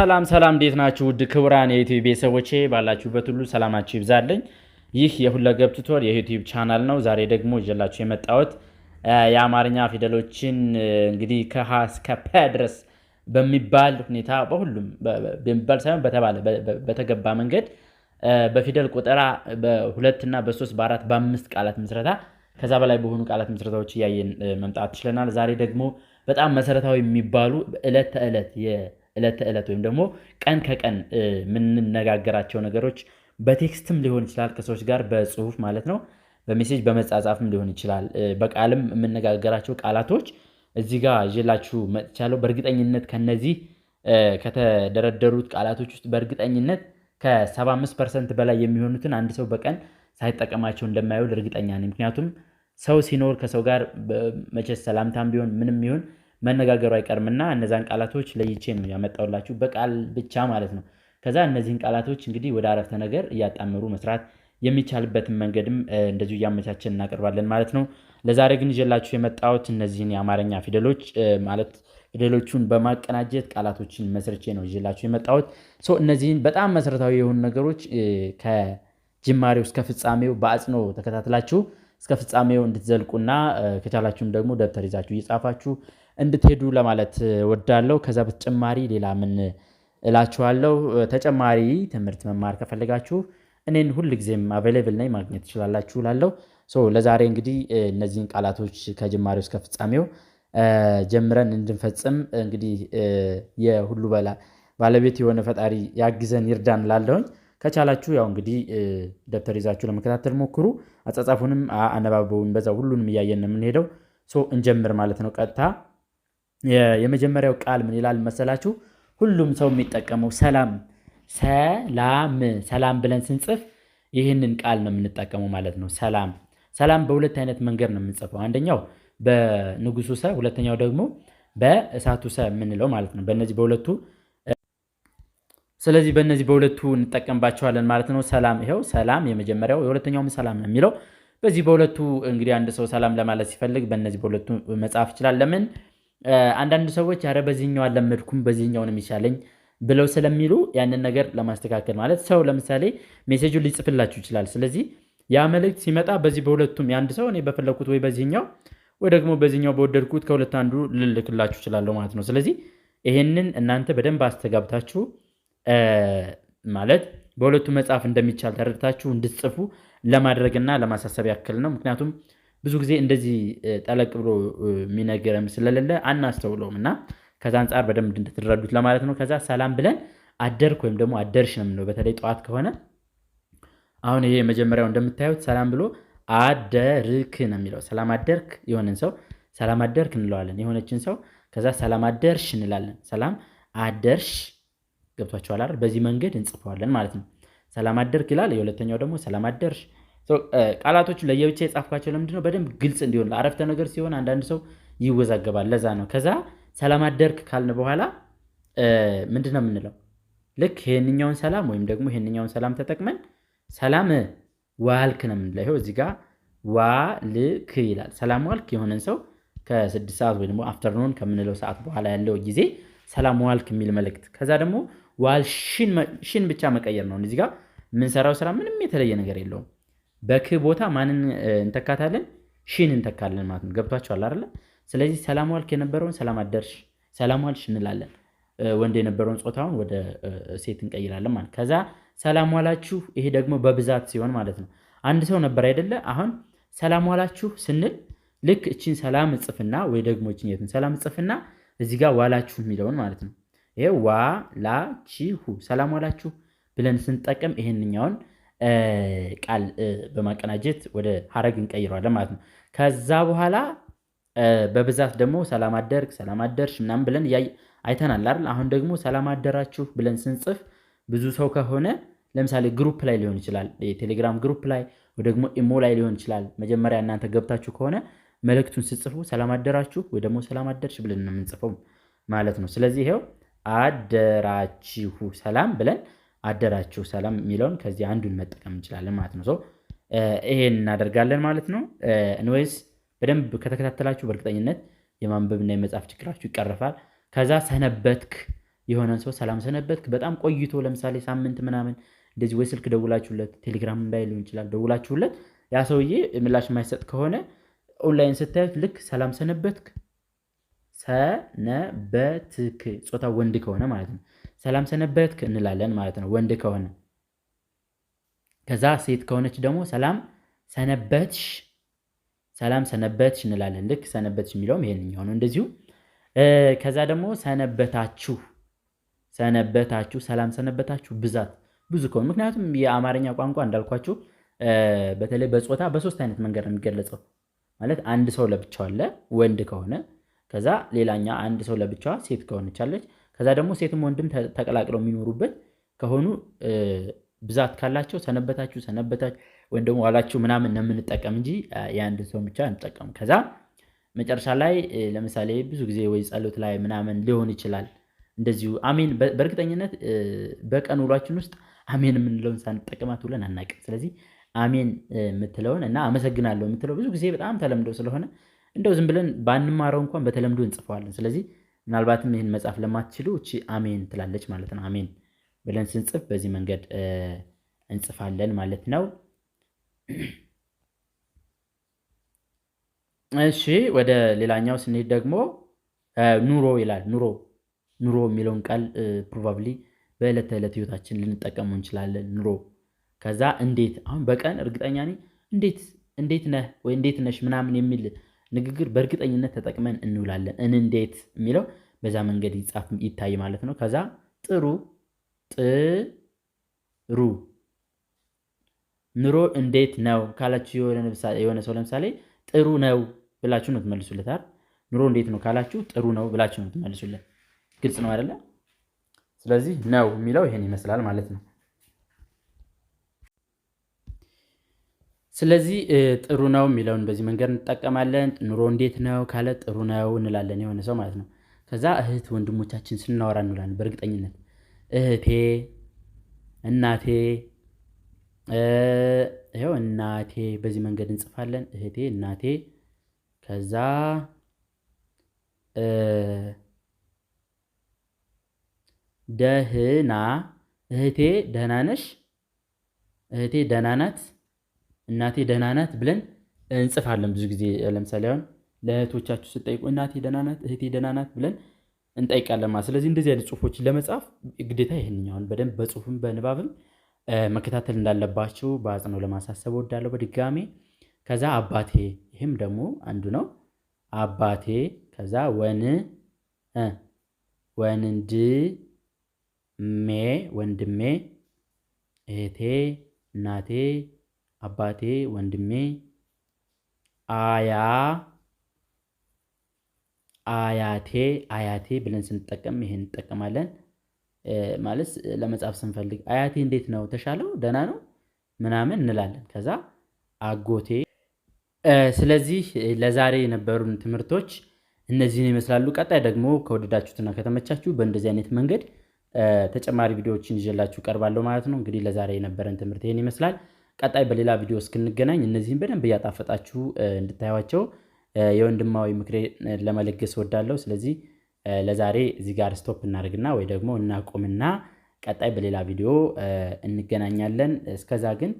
ሰላም ሰላም፣ እንዴት ናችሁ? ውድ ክቡራን የዩቲዩብ ቤተሰቦቼ ባላችሁበት ሁሉ ሰላማችሁ ይብዛለኝ። ይህ የሁለገብ ቱቶር የዩቲዩብ ቻናል ነው። ዛሬ ደግሞ ይዤላችሁ የመጣሁት የአማርኛ ፊደሎችን እንግዲህ ከሀ እስከ ፐ ድረስ በሚባል ሁኔታ በሁሉም በሚባል ሳይሆን በተባለ በተገባ መንገድ በፊደል ቁጠራ በሁለትና በሶስት በአራት በአምስት ቃላት ምስረታ ከዛ በላይ በሆኑ ቃላት ምስረታዎች እያየን መምጣት ችለናል። ዛሬ ደግሞ በጣም መሰረታዊ የሚባሉ ዕለት ተዕለት ዕለት ተዕለት ወይም ደግሞ ቀን ከቀን የምንነጋገራቸው ነገሮች በቴክስትም ሊሆን ይችላል፣ ከሰዎች ጋር በጽሁፍ ማለት ነው፣ በሜሴጅ በመጻጻፍም ሊሆን ይችላል፣ በቃልም የምነጋገራቸው ቃላቶች እዚህ ጋር ይዤላችሁ መጥቻለሁ። በእርግጠኝነት ከነዚህ ከተደረደሩት ቃላቶች ውስጥ በእርግጠኝነት ከ75 ፐርሰንት በላይ የሚሆኑትን አንድ ሰው በቀን ሳይጠቀማቸው እንደማይውል እርግጠኛ ነኝ። ምክንያቱም ሰው ሲኖር ከሰው ጋር መቼስ ሰላምታም ቢሆን ምንም ቢሆን መነጋገሩ አይቀርምና እነዛን ቃላቶች ለይቼ ነው ያመጣውላችሁ በቃል ብቻ ማለት ነው። ከዛ እነዚህን ቃላቶች እንግዲህ ወደ አረፍተ ነገር እያጣመሩ መስራት የሚቻልበትን መንገድም እንደዚሁ እያመቻቸን እናቀርባለን ማለት ነው። ለዛሬ ግን ይዤላችሁ የመጣሁት እነዚህን የአማርኛ ፊደሎች ማለት ፊደሎቹን በማቀናጀት ቃላቶችን መስርቼ ነው ይዤላችሁ የመጣሁት። እነዚህን በጣም መሰረታዊ የሆኑ ነገሮች ከጅማሬው እስከ ፍጻሜው በአጽኖ ተከታትላችሁ እስከ ፍጻሜው እንድትዘልቁና ከቻላችሁም ደግሞ ደብተር ይዛችሁ እየጻፋችሁ እንድትሄዱ ለማለት ወዳለው። ከዛ በተጨማሪ ሌላ ምን እላችኋለው? ተጨማሪ ትምህርት መማር ከፈለጋችሁ እኔን ሁል ጊዜም አቬሌብል ነኝ ማግኘት ትችላላችሁ ላለው። ለዛሬ እንግዲህ እነዚህን ቃላቶች ከጅማሬው እስከ ፍጻሜው ጀምረን እንድንፈጽም እንግዲህ የሁሉ በላ ባለቤት የሆነ ፈጣሪ ያግዘን ይርዳን ላለውኝ። ከቻላችሁ ያው እንግዲህ ደብተር ይዛችሁ ለመከታተል ሞክሩ። አጻጻፉንም አነባበውን በዛ ሁሉንም እያየን ነው የምንሄደው። እንጀምር ማለት ነው ቀጥታ የመጀመሪያው ቃል ምን ይላል መሰላችሁ? ሁሉም ሰው የሚጠቀመው ሰላም ሰላም ሰላም ብለን ስንጽፍ ይህንን ቃል ነው የምንጠቀመው ማለት ነው። ሰላም ሰላም በሁለት አይነት መንገድ ነው የምንጽፈው። አንደኛው በንጉሱ ሰ፣ ሁለተኛው ደግሞ በእሳቱ ሰ የምንለው ማለት ነው። በእነዚህ በሁለቱ ስለዚህ በእነዚህ በሁለቱ እንጠቀምባቸዋለን ማለት ነው። ሰላም ይኸው ሰላም የመጀመሪያው የሁለተኛውም ሰላም ነው የሚለው። በዚህ በሁለቱ እንግዲህ አንድ ሰው ሰላም ለማለት ሲፈልግ በእነዚህ በሁለቱ መጻፍ ይችላል። ለምን አንዳንድ ሰዎች አረ በዚህኛው አለመድኩም በዚህኛው ነው የሚሻለኝ ብለው ስለሚሉ ያንን ነገር ለማስተካከል ማለት ሰው ለምሳሌ ሜሴጁን ሊጽፍላችሁ ይችላል። ስለዚህ ያ መልእክት ሲመጣ በዚህ በሁለቱም የአንድ ሰው እኔ በፈለግኩት ወይ በዚህኛው ወይ ደግሞ በዚህኛው በወደድኩት ከሁለት አንዱ ልልክላችሁ ይችላለሁ ማለት ነው። ስለዚህ ይሄንን እናንተ በደንብ አስተጋብታችሁ ማለት በሁለቱ መጽሐፍ እንደሚቻል ተረድታችሁ እንድትጽፉ ለማድረግና ለማሳሰብ ያክል ነው። ምክንያቱም ብዙ ጊዜ እንደዚህ ጠለቅ ብሎ የሚነገረም ስለሌለ አናስተውለውም እና ከዛ አንጻር በደንብ እንድትረዱት ለማለት ነው። ከዛ ሰላም ብለን አደርክ ወይም ደግሞ አደርሽ ነው የምንለው። በተለይ ጠዋት ከሆነ አሁን ይሄ የመጀመሪያው እንደምታዩት ሰላም ብሎ አደርክ ነው የሚለው። ሰላም አደርክ የሆነን ሰው ሰላም አደርክ እንለዋለን። የሆነችን ሰው ከዛ ሰላም አደርሽ እንላለን። ሰላም አደርሽ ገብቷቸዋል አይደል? በዚህ መንገድ እንጽፈዋለን ማለት ነው። ሰላም አደርክ ይላል። የሁለተኛው ደግሞ ሰላም አደርሽ Uh, ቃላቶቹ ለየብቻ የጻፍኳቸው ለምንድነው? በደንብ ግልጽ እንዲሆን ለአረፍተ ነገር ሲሆን አንዳንድ ሰው ይወዛገባል። ለዛ ነው። ከዛ ሰላም አደርክ ካልን በኋላ ምንድን ነው የምንለው? ልክ ይህንኛውን ሰላም ወይም ደግሞ ይህንኛውን ሰላም ተጠቅመን ሰላም ዋልክ ነው የምንለው። ይኸው እዚህ ጋ ዋልክ ይላል። ሰላም ዋልክ የሆነን ሰው ከስድስት ሰዓት ወይ ደግሞ አፍተርኖን ከምንለው ሰዓት በኋላ ያለው ጊዜ ሰላም ዋልክ የሚል መልእክት። ከዛ ደግሞ ዋልሽን ብቻ መቀየር ነው። እዚህ ጋር የምንሰራው ስራ ምንም የተለየ ነገር የለውም። በክ ቦታ ማንን እንተካታለን? ሺን እንተካለን ማለት ነው። ገብቷቸዋል አይደለ? ስለዚህ ሰላም ዋልክ የነበረውን ሰላም አደርሽ፣ ሰላም ዋልሽ እንላለን። ወንድ የነበረውን ጾታውን ወደ ሴት እንቀይራለን ማለት ከዛ ሰላም ዋላችሁ። ይሄ ደግሞ በብዛት ሲሆን ማለት ነው። አንድ ሰው ነበር አይደለ? አሁን ሰላም ዋላችሁ ስንል ልክ እችን ሰላም እጽፍና ወይ ደግሞ እችን የትን ሰላም እጽፍና እዚህ ጋር ዋላችሁ የሚለውን ማለት ነው። ይሄ ዋላችሁ ሰላም ዋላችሁ ብለን ስንጠቀም ይሄንኛውን ቃል በማቀናጀት ወደ ሀረግ እንቀይረዋለን ማለት ነው። ከዛ በኋላ በብዛት ደግሞ ሰላም አደርግ፣ ሰላም አደርሽ ምናምን ብለን አይተናል አይደል? አሁን ደግሞ ሰላም አደራችሁ ብለን ስንጽፍ ብዙ ሰው ከሆነ ለምሳሌ ግሩፕ ላይ ሊሆን ይችላል፣ የቴሌግራም ግሩፕ ላይ ወይ ደግሞ ኢሞ ላይ ሊሆን ይችላል። መጀመሪያ እናንተ ገብታችሁ ከሆነ መልእክቱን ስጽፉ ሰላም አደራችሁ ወይ ደግሞ ሰላም አደርሽ ብለን ነው የምንጽፈው ማለት ነው። ስለዚህ ይኸው አደራችሁ ሰላም ብለን አደራችሁ ሰላም የሚለውን ከዚህ አንዱን መጠቀም እንችላለን ማለት ነው። ይሄን እናደርጋለን ማለት ነው። እንወይስ በደንብ ከተከታተላችሁ በእርግጠኝነት የማንበብና የመጻፍ ችግራችሁ ይቀረፋል። ከዛ ሰነበትክ የሆነን ሰው ሰላም ሰነበትክ፣ በጣም ቆይቶ ለምሳሌ ሳምንት ምናምን እንደዚህ ወይ ስልክ ደውላችሁለት ቴሌግራም ባይ ሊሆን ይችላል ደውላችሁለት ያ ሰውዬ ምላሽ የማይሰጥ ከሆነ ኦንላይን ስታዩት ልክ ሰላም ሰነበትክ ሰነበትክ ጾታ ወንድ ከሆነ ማለት ነው ሰላም ሰነበትክ እንላለን ማለት ነው ወንድ ከሆነ። ከዛ ሴት ከሆነች ደግሞ ሰላም ሰነበትሽ፣ ሰላም ሰነበትሽ እንላለን። ልክ ሰነበትሽ የሚለውም ይሄንኛው ነው እንደዚሁ። ከዛ ደግሞ ሰነበታችሁ፣ ሰነበታችሁ፣ ሰላም ሰነበታችሁ ብዛት ብዙ ከሆኑ ምክንያቱም የአማርኛ ቋንቋ እንዳልኳችሁ በተለይ በጾታ በሶስት አይነት መንገድ ነው የሚገለጸው። ማለት አንድ ሰው ለብቻው አለ ወንድ ከሆነ፣ ከዛ ሌላኛ አንድ ሰው ለብቻዋ ሴት ከሆነች አለች። ከዛ ደግሞ ሴትም ወንድም ተቀላቅለው የሚኖሩበት ከሆኑ ብዛት ካላቸው ሰነበታችሁ ሰነበታችሁ ወይም ደግሞ ዋላችሁ ምናምን ነው የምንጠቀም እንጂ የአንድ ሰው ብቻ አንጠቀም። ከዛ መጨረሻ ላይ ለምሳሌ ብዙ ጊዜ ወይ ጸሎት ላይ ምናምን ሊሆን ይችላል እንደዚሁ አሜን። በእርግጠኝነት በቀን ውሏችን ውስጥ አሜን የምንለውን ሳንጠቀማት ውለን አናውቅም። ስለዚህ አሜን የምትለውን እና አመሰግናለሁ የምትለው ብዙ ጊዜ በጣም ተለምዶ ስለሆነ እንደው ዝም ብለን ባንማረው እንኳን በተለምዶ እንጽፈዋለን። ስለዚህ ምናልባትም ይህን መጽሐፍ ለማትችሉ እቺ አሜን ትላለች ማለት ነው። አሜን ብለን ስንጽፍ በዚህ መንገድ እንጽፋለን ማለት ነው። እሺ ወደ ሌላኛው ስንሄድ ደግሞ ኑሮ ይላል። ኑሮ ኑሮ የሚለውን ቃል ፕሮባብሊ በዕለት ተዕለት ህይወታችን ልንጠቀመው እንችላለን። ኑሮ ከዛ እንዴት አሁን በቀን እርግጠኛ እንዴት እንዴት ነህ ወይ እንዴት ነሽ ምናምን የሚል ንግግር በእርግጠኝነት ተጠቅመን እንውላለን። እንዴት የሚለው በዛ መንገድ ይጻፍ ይታይ ማለት ነው። ከዛ ጥሩ ጥሩ ኑሮ እንዴት ነው ካላችሁ የሆነ ሰው ለምሳሌ ጥሩ ነው ብላችሁ ነው ትመልሱለት አይደል? ኑሮ እንዴት ነው ካላችሁ ጥሩ ነው ብላችሁ ነው ትመልሱለት። ግልጽ ነው አይደለ? ስለዚህ ነው የሚለው ይሄን ይመስላል ማለት ነው። ስለዚህ ጥሩ ነው የሚለውን በዚህ መንገድ እንጠቀማለን። ኑሮ እንዴት ነው ካለ ጥሩ ነው እንላለን፣ የሆነ ሰው ማለት ነው። ከዛ እህት ወንድሞቻችን ስናወራ እንላለን በእርግጠኝነት እህቴ፣ እናቴ፣ ይኸው እናቴ፣ በዚህ መንገድ እንጽፋለን። እህቴ፣ እናቴ፣ ከዛ ደህና፣ እህቴ ደህና ነሽ? እህቴ ደህና ናት? እናቴ ደህና ናት ብለን እንጽፋለን። ብዙ ጊዜ ለምሳሌ አሁን ለእህቶቻችሁ ስጠይቁ እናቴ ደህና ናት፣ እህቴ ደህና ናት ብለን እንጠይቃለን ማለት። ስለዚህ እንደዚህ አይነት ጽሁፎችን ለመጻፍ ግዴታ ይህንኛውን በደንብ በጽሁፍም በንባብም መከታተል እንዳለባቸው በአጽኖ ለማሳሰብ እወዳለሁ በድጋሜ። ከዛ አባቴ፣ ይህም ደግሞ አንዱ ነው። አባቴ ከዛ ወን ወንድሜ ወንድሜ፣ እህቴ፣ እናቴ አባቴ ወንድሜ አያ አያቴ አያቴ ብለን ስንጠቀም ይሄን እንጠቀማለን። ማለት ለመጻፍ ስንፈልግ አያቴ እንዴት ነው ተሻለው ደህና ነው ምናምን እንላለን። ከዛ አጎቴ። ስለዚህ ለዛሬ የነበሩን ትምህርቶች እነዚህን ይመስላሉ። ቀጣይ ደግሞ ከወደዳችሁትና ከተመቻችሁ በእንደዚህ አይነት መንገድ ተጨማሪ ቪዲዮዎችን ይዤላችሁ ቀርባለሁ ማለት ነው። እንግዲህ ለዛሬ የነበረን ትምህርት ይሄን ይመስላል። ቀጣይ በሌላ ቪዲዮ እስክንገናኝ እነዚህን በደንብ እያጣፈጣችሁ እንድታዩቸው የወንድማዊ ምክሬ ለመለገስ ወዳለው። ስለዚህ ለዛሬ እዚህ ጋር ስቶፕ እናደርግና ወይ ደግሞ እናቆምና ቀጣይ በሌላ ቪዲዮ እንገናኛለን። እስከዛ ግን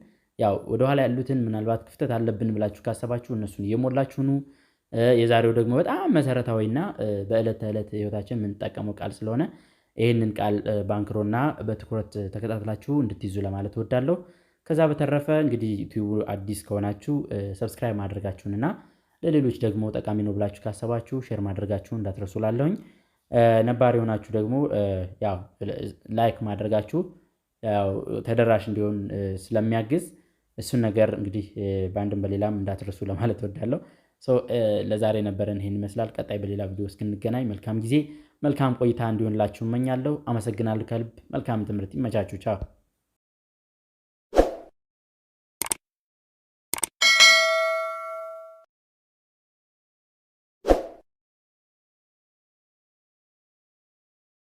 ያው ወደኋላ ያሉትን ምናልባት ክፍተት አለብን ብላችሁ ካሰባችሁ እነሱን እየሞላችሁ ኑ። የዛሬው ደግሞ በጣም መሰረታዊና በዕለት ተዕለት ህይወታችን የምንጠቀመው ቃል ስለሆነ ይህንን ቃል በአንክሮና በትኩረት ተከታትላችሁ እንድትይዙ ለማለት እወዳለሁ። ከዛ በተረፈ እንግዲህ ዩቲዩብ አዲስ ከሆናችሁ ሰብስክራይብ ማድረጋችሁንና ለሌሎች ደግሞ ጠቃሚ ነው ብላችሁ ካሰባችሁ ሼር ማድረጋችሁን እንዳትረሱ ላለሁኝ። ነባር የሆናችሁ ደግሞ ያው ላይክ ማድረጋችሁ ያው ተደራሽ እንዲሆን ስለሚያግዝ እሱን ነገር እንግዲህ በአንድም በሌላም እንዳትረሱ ለማለት እወዳለሁ። ለዛሬ ነበረን ይህን ይመስላል። ቀጣይ በሌላ ቪዲዮ እስክንገናኝ መልካም ጊዜ፣ መልካም ቆይታ እንዲሆንላችሁ እመኛለሁ። አመሰግናለሁ ከልብ። መልካም ትምህርት ይመቻችሁ። ቻው